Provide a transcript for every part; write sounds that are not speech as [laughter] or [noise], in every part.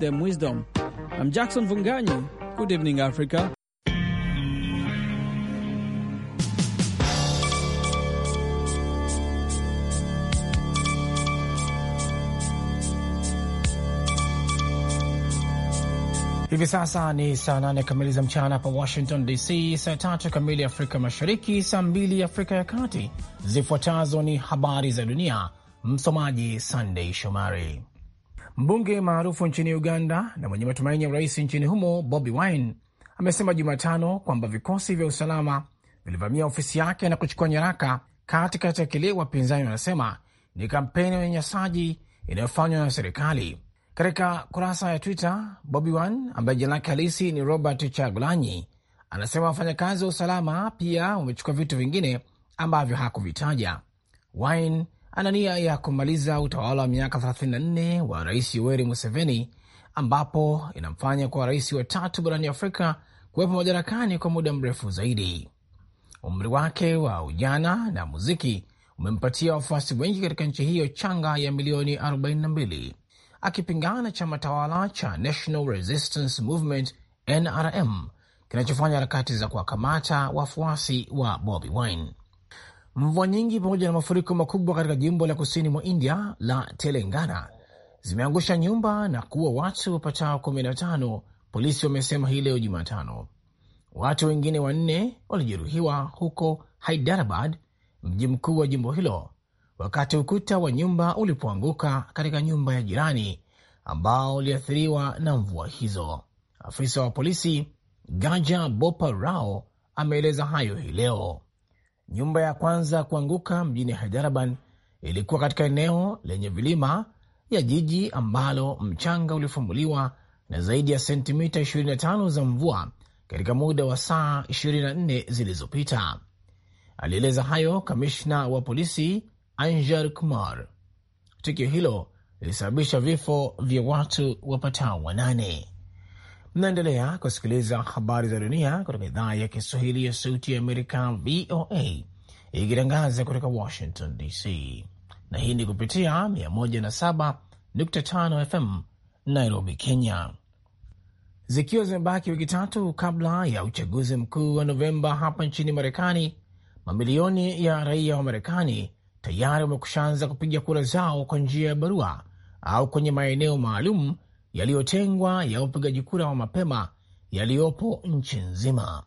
them wisdom. I'm Jackson Vunganyi. Good evening, Africa. Hivi sasa ni saa nane kamili za mchana hapa Washington DC, saa tatu kamili Afrika Mashariki, saa mbili Afrika ya Kati. Zifuatazo ni habari za dunia, msomaji Sandei Shomari. Mbunge maarufu nchini Uganda na mwenye matumaini ya urais nchini humo Bobi Wine amesema Jumatano kwamba vikosi vya usalama vilivamia ofisi yake na kuchukua nyaraka katikati ya kile wapinzani wanasema ni kampeni ya unyanyasaji inayofanywa na serikali. Katika kurasa ya Twitter, Bobi Wine ambaye jina lake halisi ni Robert Chagulanyi anasema wafanyakazi wa usalama pia wamechukua vitu vingine ambavyo hakuvitaja. Wine ana nia ya kumaliza utawala wa miaka 34 wa Rais Yoweri Museveni, ambapo inamfanya kuwa rais wa tatu barani Afrika kuwepo madarakani kwa muda mrefu zaidi. Umri wake wa ujana na muziki umempatia wafuasi wengi katika nchi hiyo changa ya milioni 42, akipingana na chama tawala cha National Resistance Movement NRM kinachofanya harakati za kuwakamata wafuasi wa Bobi Wine. Mvua nyingi pamoja na mafuriko makubwa katika jimbo la kusini mwa India la Telangana zimeangusha nyumba na kuua watu wapatao 15, polisi wamesema hii leo Jumatano. Watu wengine wanne walijeruhiwa huko Hyderabad, mji mkuu wa jimbo hilo, wakati ukuta wa nyumba ulipoanguka katika nyumba ya jirani ambao uliathiriwa na mvua hizo. Afisa wa polisi Gaja Bopa Rao ameeleza hayo hii leo. Nyumba ya kwanza kuanguka mjini Hyderabad ilikuwa katika eneo lenye vilima ya jiji ambalo mchanga ulifumuliwa na zaidi ya sentimita 25 za mvua katika muda wa saa 24 zilizopita. Alieleza hayo kamishna wa polisi Anjar Kumar. Tukio hilo lilisababisha vifo vya watu wapatao wanane. Mnaendelea kusikiliza habari za dunia kutoka idhaa ya Kiswahili ya Sauti ya Amerika, VOA, ikitangaza kutoka Washington DC, na hii ni kupitia 107.5 FM Nairobi, Kenya. Zikiwa zimebaki wiki tatu kabla ya uchaguzi mkuu wa Novemba hapa nchini Marekani, mamilioni ya raia wa Marekani tayari wamekushaanza kupiga kura zao kwa njia ya barua au kwenye maeneo maalum yaliyotengwa ya upigaji kura wa mapema yaliyopo nchi nzima.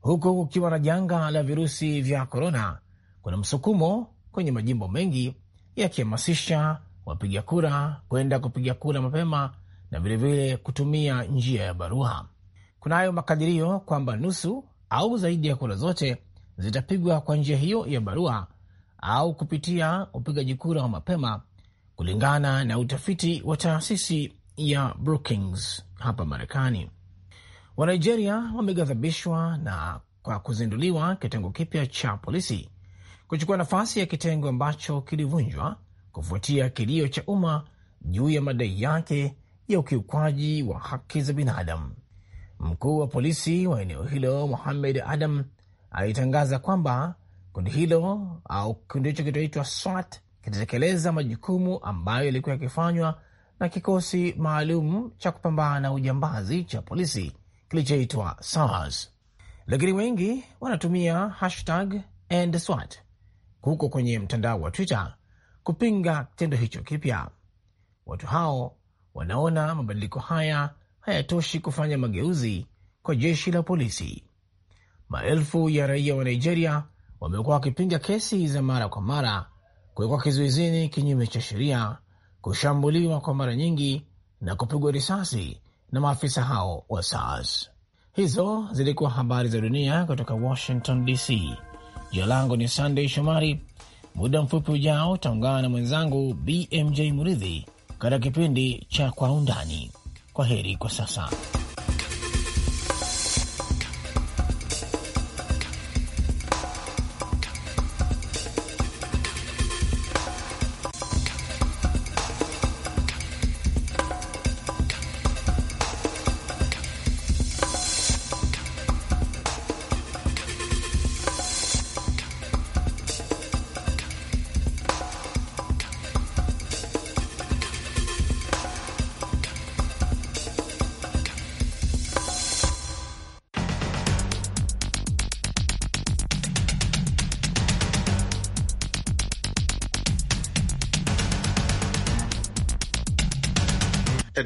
Huku kukiwa na janga la virusi vya korona, kuna msukumo kwenye majimbo mengi yakihamasisha wapiga kura kwenda kupiga kura mapema na vilevile kutumia njia ya barua. Kunayo makadirio kwamba nusu au zaidi ya kura zote zitapigwa kwa njia hiyo ya barua au kupitia upigaji kura wa mapema, kulingana na utafiti wa taasisi ya Brookings hapa Marekani. Wanigeria wameghadhabishwa na kwa kuzinduliwa kitengo kipya cha polisi kuchukua nafasi ya kitengo ambacho kilivunjwa kufuatia kilio cha umma juu ya madai yake ya ukiukwaji wa haki za binadamu. Mkuu wa polisi wa eneo hilo muhamed Adam alitangaza kwamba kundi hilo au kundi hicho kinaitwa SWAT kitatekeleza majukumu ambayo yalikuwa yakifanywa na kikosi maalum cha kupambana na ujambazi cha polisi kilichoitwa SARS, lakini wengi wanatumia hashtag EndSWAT huko kwenye mtandao wa Twitter kupinga kitendo hicho kipya. Watu hao wanaona mabadiliko haya hayatoshi kufanya mageuzi kwa jeshi la polisi. Maelfu ya raia wa Nigeria wamekuwa wakipinga kesi za mara kwa mara kuwekwa kizuizini kinyume cha sheria kushambuliwa kwa mara nyingi na kupigwa risasi na maafisa hao wa SARS. Hizo zilikuwa habari za dunia kutoka Washington DC. Jina langu ni Sandey Shomari. Muda mfupi ujao utaungana na mwenzangu BMJ Muridhi katika kipindi cha Kwa Undani. Kwa heri kwa sasa.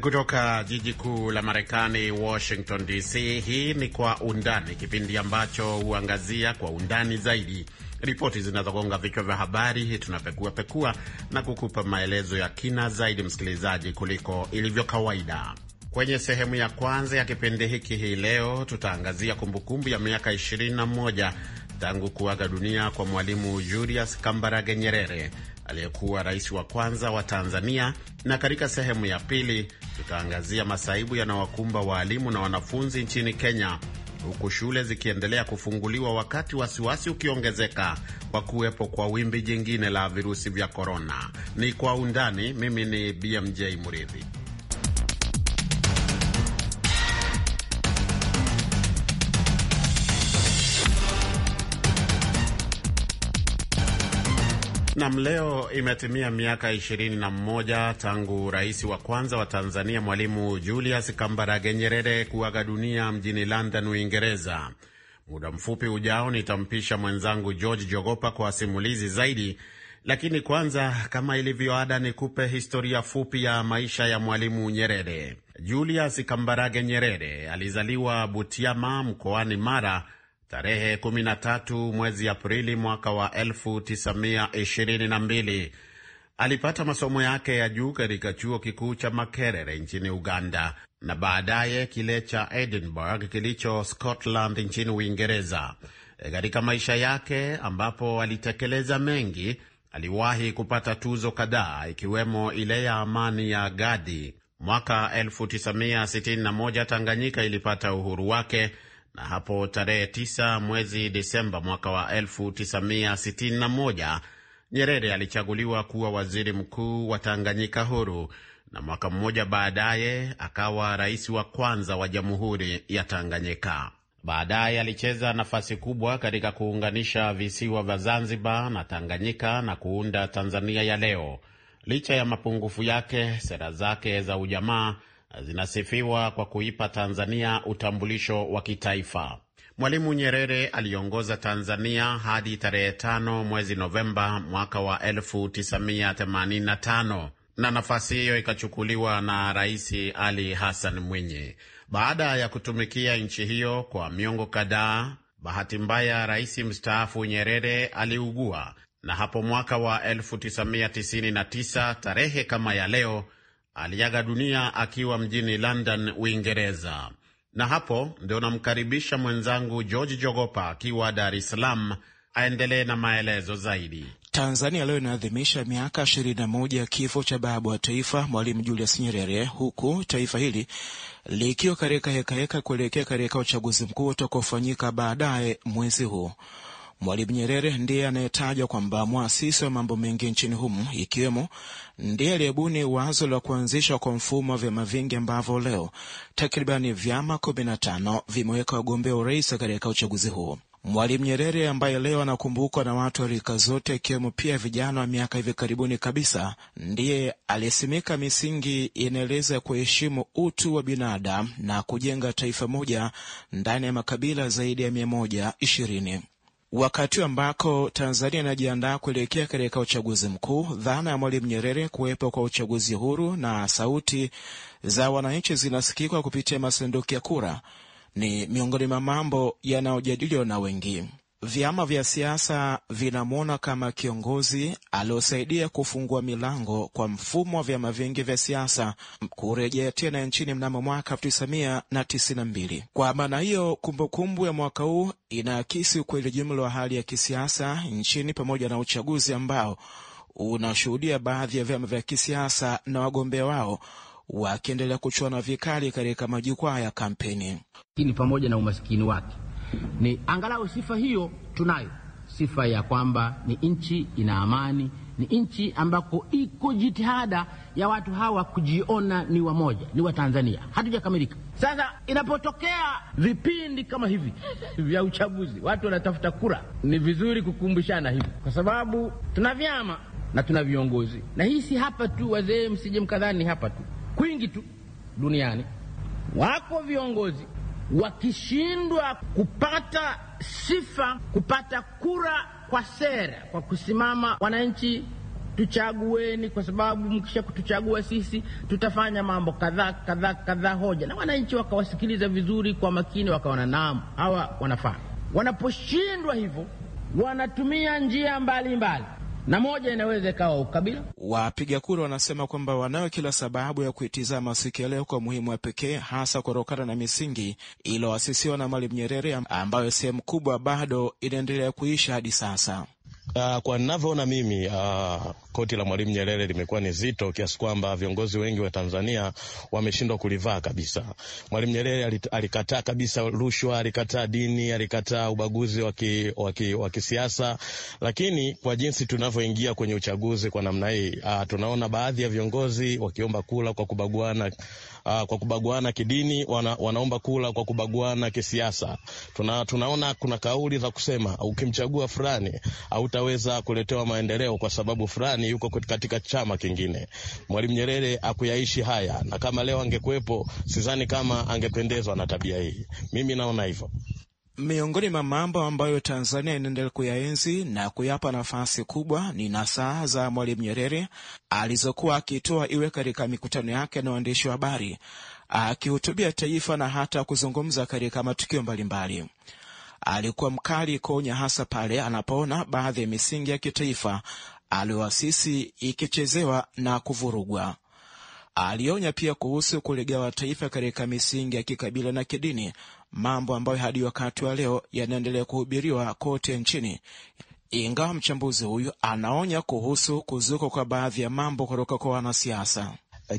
Kutoka jiji kuu la Marekani, Washington DC. Hii ni Kwa Undani, kipindi ambacho huangazia kwa undani zaidi ripoti zinazogonga vichwa vya habari. Tunapekua pekua na kukupa maelezo ya kina zaidi, msikilizaji, kuliko ilivyo kawaida. Kwenye sehemu ya kwanza ya kipindi hiki hii leo tutaangazia kumbukumbu ya miaka 21 tangu kuaga dunia kwa Mwalimu Julius Kambarage Nyerere aliyekuwa rais wa kwanza wa Tanzania, na katika sehemu ya pili tutaangazia masaibu yanawakumba waalimu na wanafunzi nchini Kenya, huku shule zikiendelea kufunguliwa wakati wasiwasi ukiongezeka kwa kuwepo kwa wimbi jingine la virusi vya korona. Ni kwa undani. Mimi ni BMJ Muridhi. Nam, leo imetimia miaka ishirini na mmoja tangu rais wa kwanza wa Tanzania Mwalimu Julius Kambarage Nyerere kuaga dunia mjini London, Uingereza. Muda mfupi ujao nitampisha mwenzangu George Jogopa kwa simulizi zaidi, lakini kwanza, kama ilivyo ada, nikupe historia fupi ya maisha ya Mwalimu Nyerere. Julius Kambarage Nyerere alizaliwa Butiama mkoani Mara tarehe 13 mwezi Aprili mwaka wa 1922 alipata masomo yake ya juu katika chuo kikuu cha Makerere nchini Uganda na baadaye kile cha Edinburgh kilicho Scotland nchini Uingereza. E, katika maisha yake ambapo alitekeleza mengi, aliwahi kupata tuzo kadhaa ikiwemo ile ya amani ya Gadi. Mwaka 1961 Tanganyika ilipata uhuru wake na hapo tarehe 9 mwezi Disemba mwaka wa 1961 Nyerere alichaguliwa kuwa waziri mkuu wa Tanganyika huru na mwaka mmoja baadaye akawa rais wa kwanza wa Jamhuri ya Tanganyika. Baadaye alicheza nafasi kubwa katika kuunganisha visiwa vya Zanzibar na Tanganyika na kuunda Tanzania ya leo. Licha ya mapungufu yake, sera zake za ujamaa zinasifiwa kwa kuipa Tanzania utambulisho wa kitaifa. Mwalimu Nyerere aliongoza Tanzania hadi tarehe tano mwezi Novemba mwaka wa 1985 na nafasi hiyo ikachukuliwa na Rais Ali Hassan Mwinyi. Baada ya kutumikia nchi hiyo kwa miongo kadhaa, bahati mbaya, rais mstaafu Nyerere aliugua, na hapo mwaka wa 1999 tarehe kama ya leo aliaga dunia akiwa mjini London, Uingereza. Na hapo ndio namkaribisha mwenzangu George Jogopa akiwa Dar es Salaam aendelee na maelezo zaidi. Tanzania leo inaadhimisha miaka 21 ya kifo cha baba wa taifa Mwalimu Julius Nyerere, huku taifa hili likiwa katika hekaheka kuelekea katika uchaguzi mkuu utakaofanyika baadaye mwezi huu. Mwalimu Nyerere ndiye anayetajwa kwamba mwasisi wa mambo mengi nchini humu, ikiwemo ndiye aliyebuni wazo la kuanzishwa kwa mfumo wa vyama vingi ambavyo leo takribani vyama 15 vimeweka wagombea urais katika uchaguzi huo. Mwalimu Nyerere ambaye leo anakumbukwa na watu wa rika zote ikiwemo pia vijana wa miaka hivi karibuni kabisa, ndiye aliyesimika misingi inaeleza kuheshimu utu wa binadamu na kujenga taifa moja ndani ya makabila zaidi ya 120. Wakati ambako Tanzania inajiandaa kuelekea katika uchaguzi mkuu, dhana ya Mwalimu Nyerere kuwepo kwa uchaguzi huru na sauti za wananchi zinasikika kupitia masanduku ya kura ni miongoni mwa mambo yanayojadiliwa na wengi. Vyama vya siasa vinamwona kama kiongozi aliosaidia kufungua milango kwa mfumo wa vyama vingi vya siasa kurejea tena nchini mnamo mwaka 1992. Kwa maana hiyo, kumbukumbu ya mwaka huu inaakisi ukweli jumla wa hali ya kisiasa nchini pamoja na uchaguzi ambao unashuhudia baadhi ya vyama vya kisiasa na wagombea wao wakiendelea kuchuana vikali katika majukwaa ya kampeni. Hii ni pamoja na umasikini wake ni angalau sifa hiyo tunayo, sifa ya kwamba ni nchi ina amani, ni nchi ambako iko jitihada ya watu hawa kujiona ni wamoja, ni Watanzania. Hatujakamilika. Sasa inapotokea vipindi kama hivi vya uchaguzi, watu wanatafuta kura, ni vizuri kukumbushana hivi, kwa sababu tuna vyama na tuna viongozi, na hii si hapa tu, wazee msije mkadhani hapa tu, kwingi tu duniani wako viongozi wakishindwa kupata sifa, kupata kura kwa sera, kwa kusimama, wananchi tuchagueni, kwa sababu mkisha kutuchagua sisi tutafanya mambo kadhaa kadhaa kadhaa, hoja na wananchi wakawasikiliza vizuri kwa makini, wakaona naam, hawa wanafaa. Wanaposhindwa hivyo, wanatumia njia mbalimbali mbali na moja inaweza ikawa ukabila. Wapiga kura wanasema kwamba wanayo kila sababu ya kuitizama siku ya leo kwa muhimu wa pekee, hasa kutokana na misingi iliyoasisiwa na Mwalimu Nyerere ambayo sehemu kubwa bado inaendelea kuisha hadi sasa. Uh, kwa ninavyoona mimi uh, koti la Mwalimu Nyerere limekuwa ni zito kiasi kwamba viongozi wengi wa Tanzania wameshindwa kulivaa kabisa. Mwalimu Nyerere alikataa kabisa rushwa, alikataa dini, alikataa ubaguzi wa kisiasa, lakini kwa jinsi tunavyoingia kwenye uchaguzi kwa namna hii uh, tunaona baadhi ya viongozi wakiomba kula kwa kubaguana uh, kwa kubaguana kidini, wana, wanaomba kula kwa kubaguana kisiasa. Tuna, tunaona kuna kauli za kusema ukimchagua fulani hautaweza kuletewa maendeleo kwa sababu fulani yuko katika chama kingine. Mwalimu Nyerere akuyaishi haya, na kama leo angekuwepo, sidhani kama angependezwa na tabia hii. Mimi naona hivyo. Miongoni mwa mambo ambayo Tanzania inaendelea kuyaenzi na kuyapa nafasi kubwa ni nasaha za Mwalimu Nyerere alizokuwa akitoa, iwe katika mikutano yake na waandishi wa habari, akihutubia taifa na hata kuzungumza katika matukio mbalimbali. Alikuwa mkali kuonya, hasa pale anapoona baadhi ya misingi ya kitaifa aliyoasisi ikichezewa na kuvurugwa. Alionya pia kuhusu kuligawa taifa katika misingi ya kikabila na kidini mambo ambayo hadi wakati wa leo yanaendelea kuhubiriwa kote nchini, ingawa mchambuzi huyu anaonya kuhusu kuzuka kwa baadhi ya mambo kutoka kwa wanasiasa.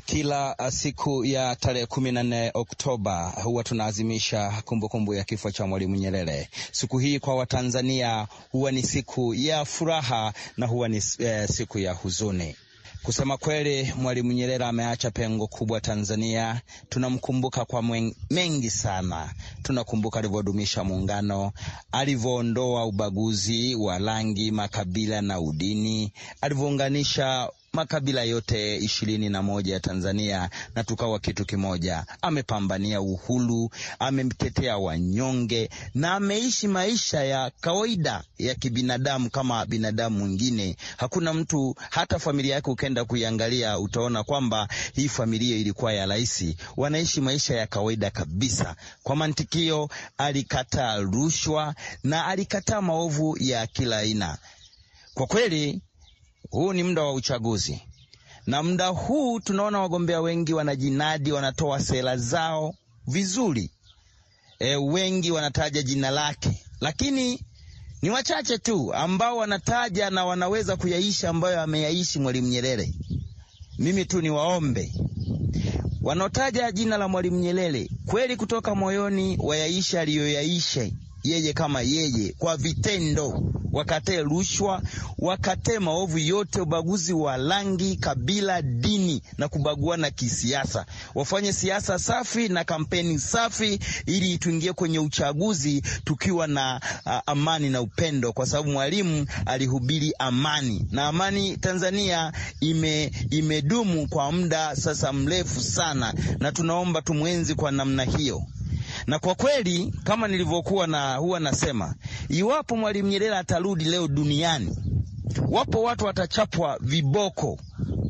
Kila siku ya tarehe kumi na nne Oktoba huwa tunaazimisha kumbukumbu kumbu ya kifo cha Mwalimu Nyerere. Siku hii kwa Watanzania huwa ni siku ya furaha na huwa ni eh, siku ya huzuni. Kusema kweli, Mwalimu Nyerere ameacha pengo kubwa Tanzania. Tunamkumbuka kwa mengi sana. Tunakumbuka alivyodumisha muungano, alivyoondoa ubaguzi wa rangi, makabila na udini, alivyounganisha makabila yote ishirini na moja ya Tanzania na tukawa kitu kimoja. Amepambania uhuru, amemtetea wanyonge na ameishi maisha ya kawaida ya kibinadamu kama binadamu mwingine. Hakuna mtu, hata familia yake ukenda kuiangalia utaona kwamba hii familia ilikuwa ya rais, wanaishi maisha ya kawaida kabisa. Kwa mantikio, alikataa rushwa na alikataa maovu ya kila aina. Kwa kweli huu ni muda wa uchaguzi, na muda huu tunaona wagombea wengi wanajinadi, wanatoa sera zao vizuri e, wengi wanataja jina lake, lakini ni wachache tu ambao wanataja na wanaweza kuyaishi ambayo ameyaishi Mwalimu Nyerere. Mimi tu niwaombe wanaotaja jina la Mwalimu Nyerere kweli kutoka moyoni wayaishi aliyoyaishi yeye kama yeye, kwa vitendo, wakatee rushwa, wakatee maovu yote, ubaguzi wa rangi, kabila, dini na kubaguana kisiasa. Wafanye siasa safi na kampeni safi, ili tuingie kwenye uchaguzi tukiwa na a, amani na upendo, kwa sababu Mwalimu alihubiri amani na amani. Tanzania ime, imedumu kwa muda sasa mrefu sana, na tunaomba tumwenzi kwa namna hiyo. Na kwa kweli kama nilivyokuwa na huwa nasema, iwapo Mwalimu Nyerere atarudi leo duniani, wapo watu watachapwa viboko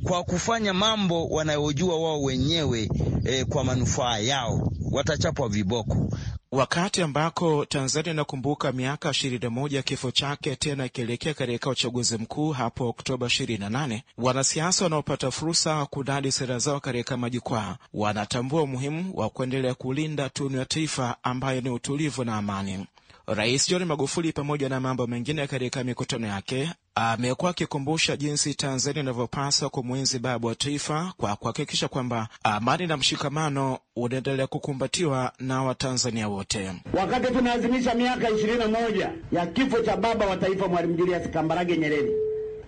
kwa kufanya mambo wanayojua wao wenyewe eh, kwa manufaa yao watachapwa viboko. Wakati ambako Tanzania inakumbuka miaka 21 ya kifo chake, tena ikielekea katika uchaguzi mkuu hapo Oktoba 28, wanasiasa wanaopata fursa kudadi sera zao katika majukwaa wanatambua umuhimu wa kuendelea kulinda tunu ya taifa ambayo ni utulivu na amani. Rais John Magufuli pamoja na mambo mengine katika mikutano yake amekuwa akikumbusha jinsi Tanzania inavyopaswa kumwenzi baba wa taifa kwa kuhakikisha kwamba ah, amani na mshikamano unaendelea kukumbatiwa na Watanzania wote. Wakati tunaadhimisha miaka ishirini na moja ya kifo cha baba wa taifa Mwalimu Julius Kambarage Nyerere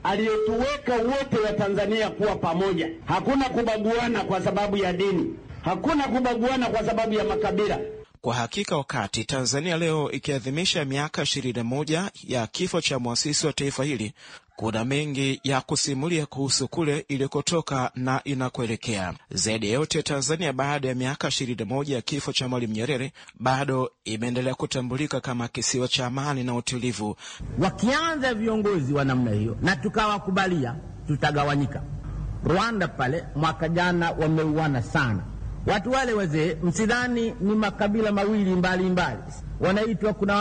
aliyetuweka wote wa Tanzania kuwa pamoja, hakuna kubaguana kwa sababu ya dini, hakuna kubaguana kwa sababu ya makabila kwa hakika wakati Tanzania leo ikiadhimisha miaka 21 ya kifo cha mwasisi wa taifa hili, kuna mengi ya kusimulia kuhusu kule ilikotoka na inakuelekea. Zaidi ya yote, Tanzania baada ya miaka 21 ya kifo cha Mwalimu Nyerere bado imeendelea kutambulika kama kisiwa cha amani na utulivu. Wakianza viongozi wa namna hiyo na tukawakubalia, tutagawanyika. Rwanda pale mwaka jana wameuana sana Watu wale wazee, msidhani ni makabila mawili mbalimbali mbali. Wanaitwa kuna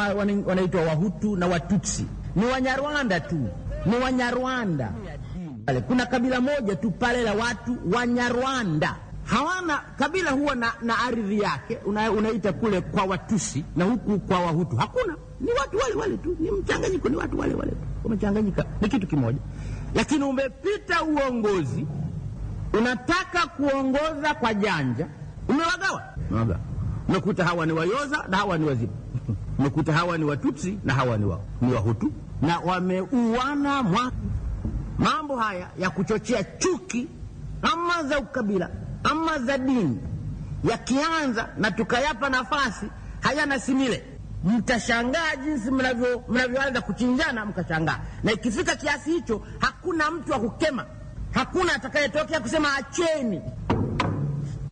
wanaitwa Wahutu na Watutsi, ni Wanyarwanda tu, ni Wanyarwanda. Kuna kabila moja tu pale la watu Wanyarwanda hawana kabila, huwa na, na ardhi yake una, unaita kule kwa Watusi na huku kwa Wahutu hakuna, ni watu wale wale tu, ni mchanganyiko, ni watu wale wale tu wamechanganyika, ni kitu kimoja, lakini umepita uongozi Unataka kuongoza kwa janja, umewagawa, Umekuta hawa ni Wayoza na hawa ni wazima, [laughs] umekuta hawa ni Watutsi na hawa ni, wa, ni Wahutu na wameuana mwa mambo haya ya kuchochea chuki ama za ukabila ama za dini yakianza na tukayapa nafasi, hayana simile, mtashangaa jinsi mnavyoanza kuchinjana, mkashangaa. Na ikifika kiasi hicho, hakuna mtu wa kukema hakuna atakayetokea kusema acheni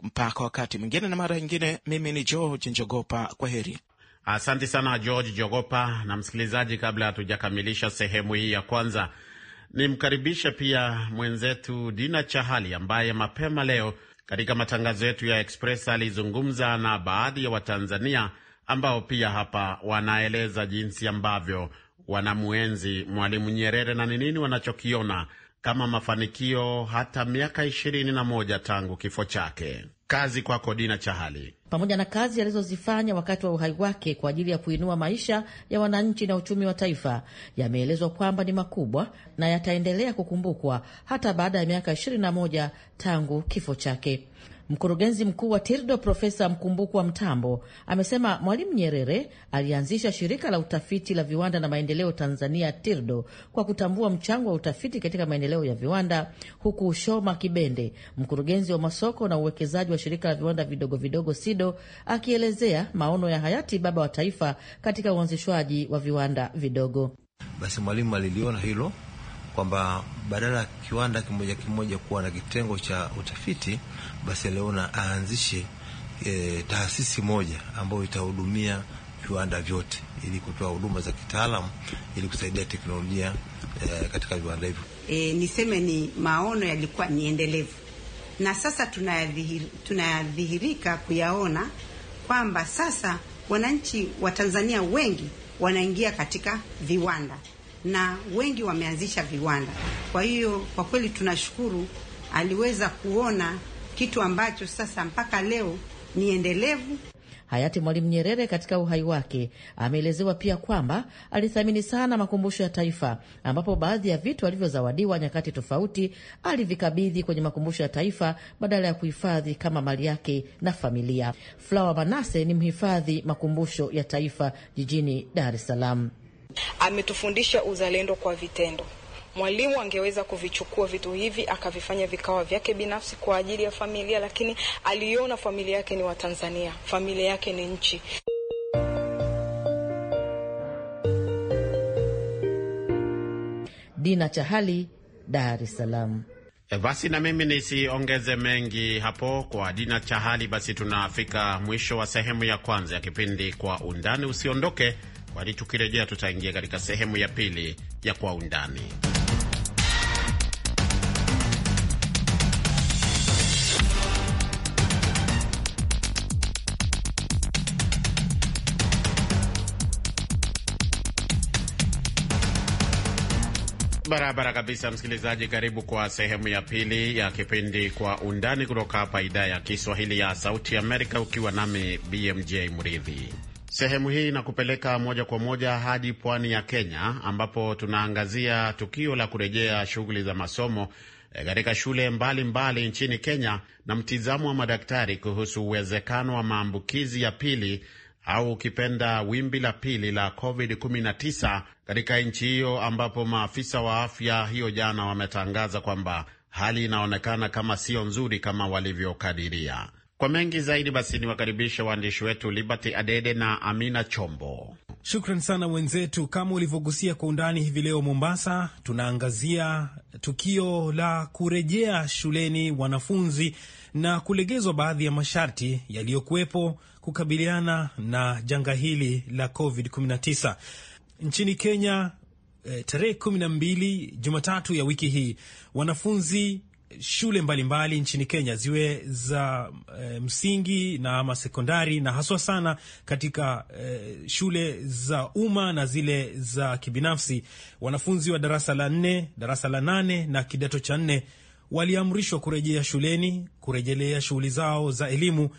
mpaka wakati mwingine na mara nyingine. Mimi ni George Njogopa, kwa heri. Asante sana George Jogopa. Na msikilizaji, kabla hatujakamilisha sehemu hii ya kwanza, nimkaribishe pia mwenzetu Dina Chahali ambaye mapema leo katika matangazo yetu ya Express alizungumza na baadhi ya Watanzania ambao pia hapa wanaeleza jinsi ambavyo wanamuenzi Mwalimu Nyerere na ni nini wanachokiona kama mafanikio hata miaka ishirini na moja tangu kifo chake. Kazi kwako Dina Chahali. Pamoja na kazi alizozifanya wakati wa uhai wake kwa ajili ya kuinua maisha ya wananchi na uchumi wa taifa, yameelezwa kwamba ni makubwa na yataendelea kukumbukwa hata baada ya miaka 21 tangu kifo chake. Mkurugenzi mkuu wa TIRDO Profesa Mkumbukwa Mtambo amesema Mwalimu Nyerere alianzisha shirika la utafiti la viwanda na maendeleo Tanzania, TIRDO, kwa kutambua mchango wa utafiti katika maendeleo ya viwanda, huku Shoma Kibende, mkurugenzi wa masoko na uwekezaji wa shirika la viwanda vidogo vidogo SIDO, akielezea maono ya hayati baba wa taifa katika uanzishwaji wa viwanda vidogo. Basi mwalimu aliliona hilo kwamba badala ya kiwanda kimoja kimoja kuwa na kitengo cha utafiti, basi aliona aanzishe e, taasisi moja ambayo itahudumia viwanda vyote ili kutoa huduma za kitaalamu ili kusaidia teknolojia e, katika viwanda hivyo. E, niseme ni maono yalikuwa ni endelevu na sasa tunayadhihirika kuyaona kwamba sasa wananchi wa Tanzania wengi wanaingia katika viwanda na wengi wameanzisha viwanda. Kwa hiyo kwa kweli tunashukuru, aliweza kuona kitu ambacho sasa mpaka leo ni endelevu. Hayati Mwalimu Nyerere katika uhai wake ameelezewa pia kwamba alithamini sana makumbusho ya taifa, ambapo baadhi ya vitu alivyozawadiwa nyakati tofauti alivikabidhi kwenye makumbusho ya taifa badala ya kuhifadhi kama mali yake na familia. Flawa Manase ni mhifadhi makumbusho ya taifa jijini Dar es Salaam. Ametufundisha uzalendo kwa vitendo. Mwalimu angeweza kuvichukua vitu hivi akavifanya vikawa vyake binafsi kwa ajili ya familia, lakini aliona familia yake ni Watanzania, familia yake ni nchi. Dina Chahali, Dar es Salaam. E, basi na mimi nisiongeze mengi hapo kwa Dina Chahali. Basi tunafika mwisho wa sehemu ya kwanza ya kipindi Kwa Undani. Usiondoke kwani tukirejea tutaingia katika sehemu ya pili ya kwa undani. Barabara kabisa, msikilizaji, karibu kwa sehemu ya pili ya kipindi Kwa Undani kutoka hapa idhaa ya Kiswahili ya Sauti Amerika, ukiwa nami BMJ Mridhi. Sehemu hii inakupeleka moja kwa moja hadi pwani ya Kenya, ambapo tunaangazia tukio la kurejea shughuli za masomo e, katika shule mbalimbali mbali nchini Kenya na mtizamo wa madaktari kuhusu uwezekano wa maambukizi ya pili au ukipenda wimbi la pili la COVID-19 katika nchi hiyo, ambapo maafisa wa afya hiyo jana wametangaza kwamba hali inaonekana kama sio nzuri kama walivyokadiria. Kwa mengi zaidi, basi niwakaribishe waandishi wetu Liberty Adede na Amina Chombo. Shukran sana wenzetu. Kama ulivyogusia kwa undani hivi leo, Mombasa tunaangazia tukio la kurejea shuleni wanafunzi na kulegezwa baadhi ya masharti yaliyokuwepo kukabiliana na janga hili la COVID-19 nchini Kenya. Eh, tarehe 12 Jumatatu ya wiki hii wanafunzi shule mbalimbali mbali nchini Kenya ziwe za e, msingi na ama sekondari na haswa sana katika e, shule za umma na zile za kibinafsi, wanafunzi wa darasa la nne, darasa la nane na kidato cha nne waliamrishwa kurejea shuleni, kurejelea shughuli zao za elimu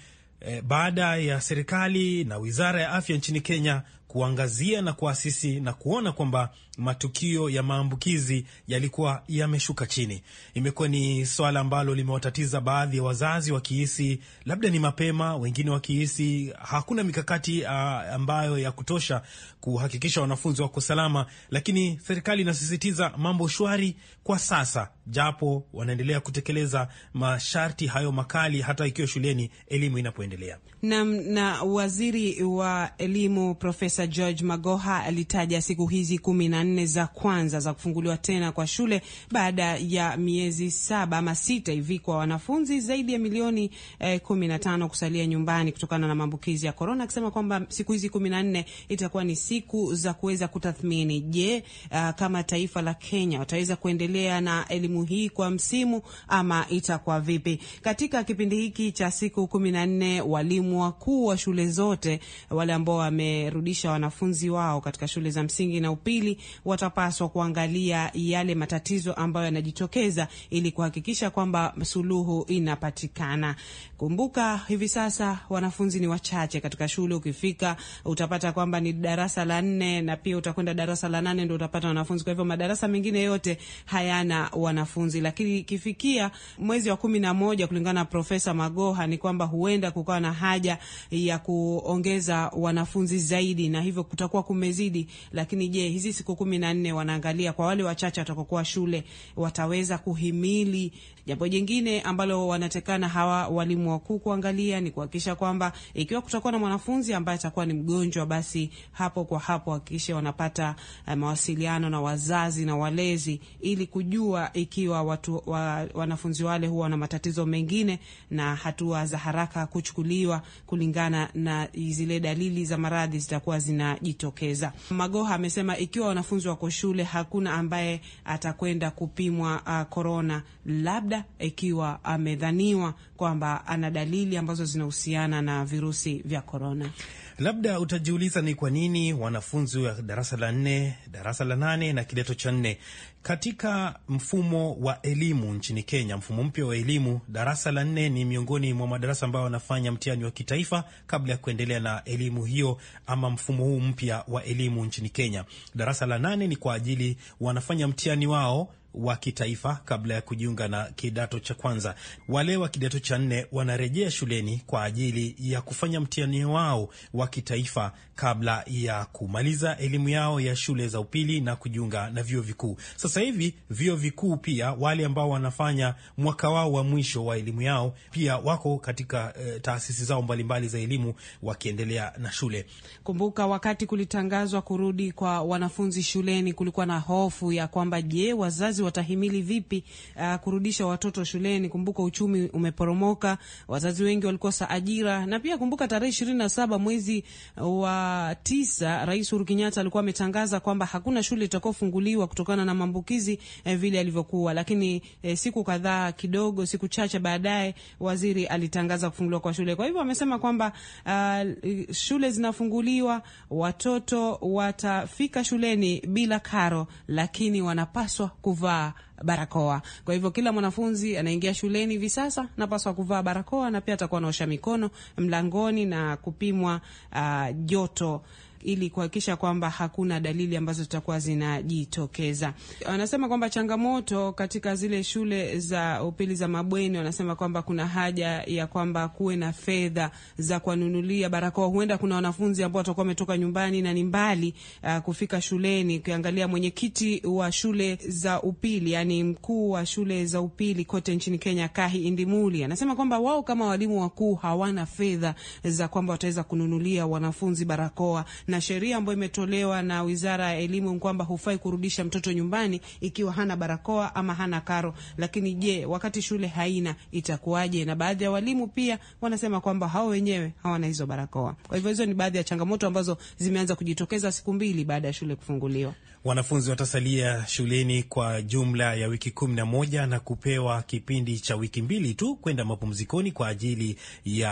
e, baada ya serikali na wizara ya afya nchini Kenya kuangazia na kuasisi na kuona kwamba matukio ya maambukizi yalikuwa yameshuka chini. Imekuwa ni swala ambalo limewatatiza baadhi ya wazazi, wakihisi labda ni mapema, wengine wakihisi hakuna mikakati ah, ambayo ya kutosha kuhakikisha wanafunzi wako salama, lakini serikali inasisitiza mambo shwari kwa sasa, japo wanaendelea kutekeleza masharti hayo makali, hata ikiwa shuleni elimu inapoendelea. Na, na waziri wa elimu Profesa George Magoha alitaja siku hizi kumi na nne za kwanza za kufunguliwa tena kwa shule baada ya miezi saba ama sita hivi kwa wanafunzi zaidi ya milioni eh, kumi na tano kusalia nyumbani kutokana na maambukizi ya korona, akisema kwamba siku hizi kumi na nne itakuwa ni siku za kuweza kutathmini, je, uh, kama taifa la Kenya wataweza kuendelea na elimu hii kwa msimu ama itakuwa vipi? Katika kipindi hiki cha siku kumi na nne walimu wakuu wa shule zote wale ambao wamerudisha wanafunzi wao katika shule za msingi na upili watapaswa kuangalia yale matatizo ambayo yanajitokeza ili kuhakikisha kwamba suluhu inapatikana. Kumbuka hivi sasa wanafunzi ni wachache katika shule. Ukifika utapata kwamba ni darasa la nne na pia utakwenda darasa la nane ndo utapata wanafunzi. Kwa hivyo madarasa mengine yote hayana wanafunzi, lakini ikifikia mwezi wa kumi na moja kulingana na Profesa Magoha ni kwamba huenda kukawa na haja ya kuongeza wanafunzi zaidi, na hivyo kutakuwa kumezidi. Lakini je, hizi siku kumi na nne wanaangalia kwa wale wachache watakokuwa shule wataweza kuhimili Jambo jingine ambalo wanatekana hawa walimu wakuu kuangalia ni kuhakikisha kwamba ikiwa kutakuwa na mwanafunzi ambaye atakuwa ni mgonjwa, basi hapo kwa hapo hakikisha wanapata eh, mawasiliano na wazazi na walezi ili kujua ikiwa watu, wa, wanafunzi wale huwa na matatizo mengine na hatua za haraka kuchukuliwa kulingana na zile dalili za maradhi zitakuwa zinajitokeza. Magoha amesema ikiwa wanafunzi wako shule hakuna ambaye atakwenda kupimwa korona ah, uh, labda labda ikiwa amedhaniwa kwamba ana dalili ambazo zinahusiana na virusi vya korona. Labda utajiuliza ni kwa nini wanafunzi wa darasa la nne, darasa la nane na kidato cha nne katika mfumo wa elimu nchini Kenya, mfumo mpya wa elimu, darasa la nne ni miongoni mwa madarasa ambayo wanafanya mtihani wa kitaifa kabla ya kuendelea na elimu hiyo ama mfumo huu mpya wa elimu nchini Kenya. Darasa la nane ni kwa ajili wanafanya mtihani wao wa kitaifa kabla ya kujiunga na kidato cha kwanza. Wale wa kidato cha nne wanarejea shuleni kwa ajili ya kufanya mtihani wao wa kitaifa kabla ya kumaliza elimu yao ya shule za upili na kujiunga na vyuo vikuu. Sasa hivi vyuo vikuu pia wale ambao wanafanya mwaka wao wa mwisho wa elimu yao pia wako katika eh, taasisi zao mbalimbali za elimu wakiendelea na shule. Kumbuka wakati kulitangazwa kurudi kwa wanafunzi shuleni, kulikuwa na hofu ya kwamba je, wazazi watahimili vipi uh, kurudisha watoto shuleni? Kumbuka uchumi umeporomoka, wazazi wengi walikosa ajira, na pia kumbuka tarehe ishirini na saba mwezi eh, wa tisa Rais Uhuru Kenyatta alikuwa ametangaza kwamba hakuna shule itakayofunguliwa kutokana na maambukizi eh, vile alivyokuwa, lakini eh, siku kadhaa kidogo, siku chache baadaye, waziri alitangaza kufunguliwa kwa shule. Kwa hivyo amesema kwamba uh, shule zinafunguliwa, watoto watafika shuleni bila karo, lakini wanapaswa kuvaa barakoa. Kwa hivyo kila mwanafunzi anaingia shuleni hivi sasa napaswa kuvaa barakoa na pia atakuwa naosha mikono mlangoni na kupimwa uh, joto ili kuhakikisha kwamba hakuna dalili ambazo zitakuwa zinajitokeza. Wanasema kwamba changamoto katika zile shule za upili za mabweni, wanasema kwamba kuna haja ya kwamba kuwe na fedha za kuwanunulia barakoa. Huenda kuna wanafunzi ambao watakuwa wametoka nyumbani na ni mbali uh, kufika shuleni. Ukiangalia mwenyekiti wa shule za upili, yani mkuu wa shule za upili kote nchini Kenya, Kahi Indimuli, anasema kwamba wao kama walimu wakuu hawana fedha za kwamba wataweza kununulia wanafunzi barakoa na sheria ambayo imetolewa na Wizara ya Elimu kwamba hufai kurudisha mtoto nyumbani ikiwa hana barakoa ama hana karo. Lakini je, wakati shule haina itakuwaje? Na baadhi ya walimu pia wanasema kwamba hao wenyewe hawana hizo barakoa. Kwa hivyo hizo ni baadhi ya changamoto ambazo zimeanza kujitokeza siku mbili baada ya shule kufunguliwa. Wanafunzi watasalia shuleni kwa jumla ya wiki kumi na moja na kupewa kipindi cha wiki mbili tu kwenda mapumzikoni kwa ajili ya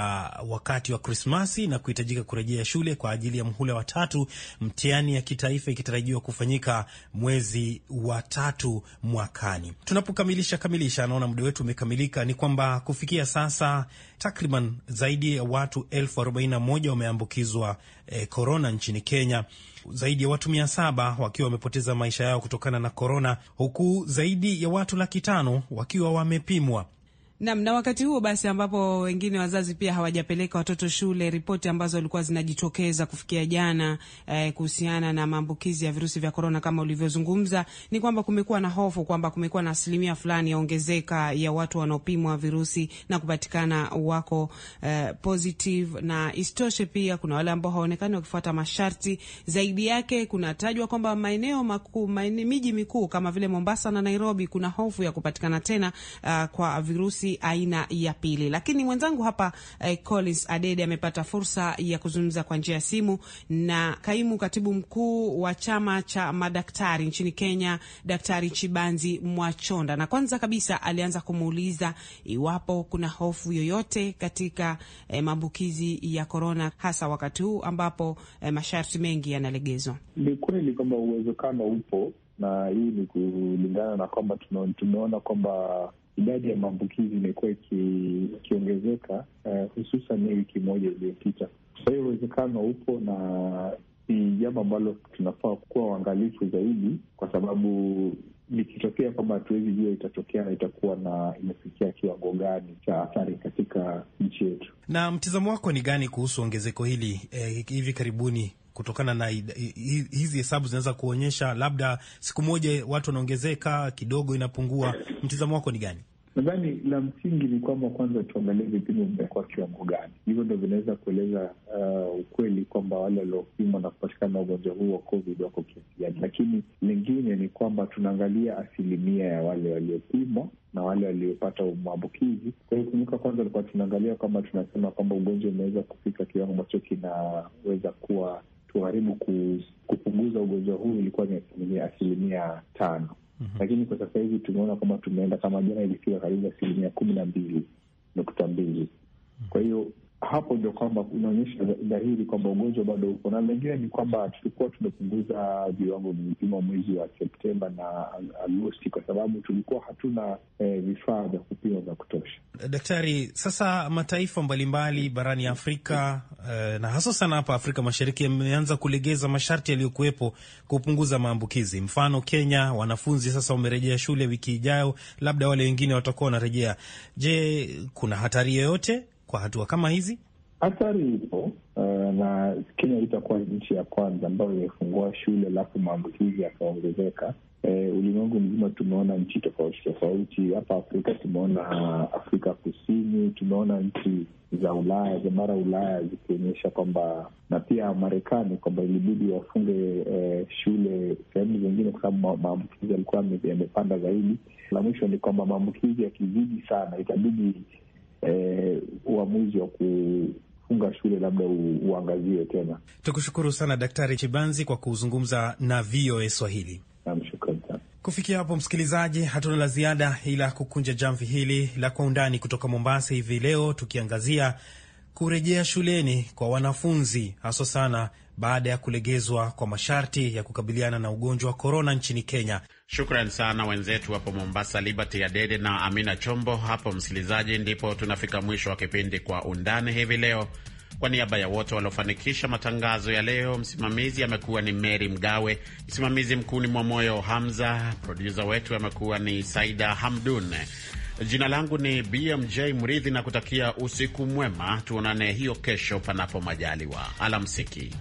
wakati wa Krismasi na kuhitajika kurejea shule kwa ajili ya mhula wa tatu, mtihani ya kitaifa ikitarajiwa kufanyika mwezi wa tatu mwakani. Tunapokamilisha kamilisha, anaona muda wetu umekamilika, ni kwamba kufikia sasa takriban zaidi ya watu elfu arobaini na moja wameambukizwa korona eh, nchini Kenya zaidi ya watu mia saba wakiwa wamepoteza maisha yao kutokana na korona, huku zaidi ya watu laki tano wakiwa wamepimwa Nam, na wakati huo basi ambapo wengine wazazi pia hawajapeleka watoto shule, ripoti ambazo walikuwa zinajitokeza kufikia jana eh, kuhusiana na maambukizi ya virusi vya korona kama ulivyozungumza, ni kwamba kumekuwa na hofu kwamba kumekuwa na asilimia fulani ya ongezeka ya watu wanaopimwa virusi na kupatikana wako eh, positive, na isitoshe pia kuna wale ambao haonekani wakifuata masharti. Zaidi yake kunatajwa kwamba maeneo makuu, miji mikuu kama vile Mombasa na Nairobi, kuna hofu ya kupatikana tena uh, kwa virusi uchaguzi aina ya pili. Lakini mwenzangu hapa eh, Collins Adede amepata fursa ya kuzungumza kwa njia ya simu na kaimu katibu mkuu wa chama cha madaktari nchini Kenya, Daktari Chibanzi Mwachonda, na kwanza kabisa alianza kumuuliza iwapo kuna hofu yoyote katika eh, maambukizi ya korona, hasa wakati huu ambapo eh, masharti mengi yanalegezwa. Ni kweli kwamba uwezekano upo na hii ni kulingana na kwamba tumeona kwamba idadi ya maambukizi imekuwa ikiongezeka, uh, hususan hii wiki moja iliyopita. Kwa hiyo uwezekano upo na ni jambo ambalo tunafaa kuwa uangalifu zaidi, kwa sababu likitokea kwamba hatuwezi jua itatokea na itakuwa na imefikia kiwango gani cha athari katika nchi yetu. Na mtizamo wako ni gani kuhusu ongezeko hili eh, hivi karibuni kutokana na hizi hesabu zinaweza kuonyesha labda siku moja watu wanaongezeka kidogo, inapungua. Mtizamo wako ni gani? Nadhani la msingi ni kwamba kwanza tuangalie vipimo vimekuwa kiwango gani. Hivyo ndo vinaweza kueleza uh, ukweli kwamba wale waliopimwa na kupatikana na ugonjwa huu wa COVID wako kiasi gani. Lakini lingine ni kwamba tunaangalia asilimia ya wale waliopimwa na wale waliopata maambukizi. Kwa hiyo kumbuka, kwanza likuwa tunaangalia kwamba tunasema kwamba ugonjwa umeweza kufika kiwango ambacho kinaweza kuwa tuharibu kupunguza ugonjwa huu, ilikuwa ni asilimia tano Mhm. Lakini kwa sasa hivi tumeona kwamba tumeenda kama jana ilifika karibu asilimia kumi na mbili nukta mbili. Kwa hiyo hapo ndio kwamba unaonyesha dhahiri kwamba ugonjwa bado uko, na lengine ni kwamba tulikuwa tumepunguza viwango vya vipimo mwezi wa Septemba na Agosti kwa sababu tulikuwa hatuna eh, vifaa vya kupima vya kutosha. Daktari, sasa mataifa mbalimbali barani Afrika eh, na hasa sana hapa Afrika Mashariki yameanza kulegeza masharti yaliyokuwepo kupunguza maambukizi. Mfano Kenya, wanafunzi sasa wamerejea shule wiki ijayo, labda wale wengine watakuwa wanarejea. Je, kuna hatari yoyote kwa hatua kama hizi? Athari ipo uh, na Kenya itakuwa nchi ya kwanza ambayo imefungua shule alafu maambukizi yakaongezeka. E, ulimwengu mzima tumeona nchi tofauti tofauti. Hapa Afrika tumeona Afrika Kusini, tumeona nchi za Ulaya za bara Ulaya zikionyesha kwamba na pia Marekani kwamba ilibidi wafunge e, shule sehemu zingine kwa sababu maambukizi yalikuwa yamepanda zaidi. La mwisho ni kwamba maambukizi yakizidi sana itabidi eh, uamuzi wa kufunga shule labda uangaziwe tena. Tukushukuru sana Daktari Chibanzi kwa kuzungumza na VOA Swahili. Namshukuru sana. Kufikia hapo msikilizaji, hatuna la ziada ila kukunja jamvi hili la kwa undani kutoka Mombasa hivi leo, tukiangazia kurejea shuleni kwa wanafunzi haswa sana baada ya kulegezwa kwa masharti ya kukabiliana na ugonjwa wa korona nchini Kenya. Shukran sana wenzetu hapo Mombasa, Liberty Adede na Amina Chombo. Hapo msikilizaji, ndipo tunafika mwisho wa kipindi Kwa Undani hivi leo. Kwa niaba ya wote waliofanikisha matangazo ya leo, msimamizi amekuwa ni Mary Mgawe, msimamizi mkuu ni Mwamoyo Hamza, produsa wetu amekuwa ni Saida Hamdun. Jina langu ni BMJ Mridhi na kutakia usiku mwema. Tuonane hiyo kesho, panapo majaliwa. Alamsiki.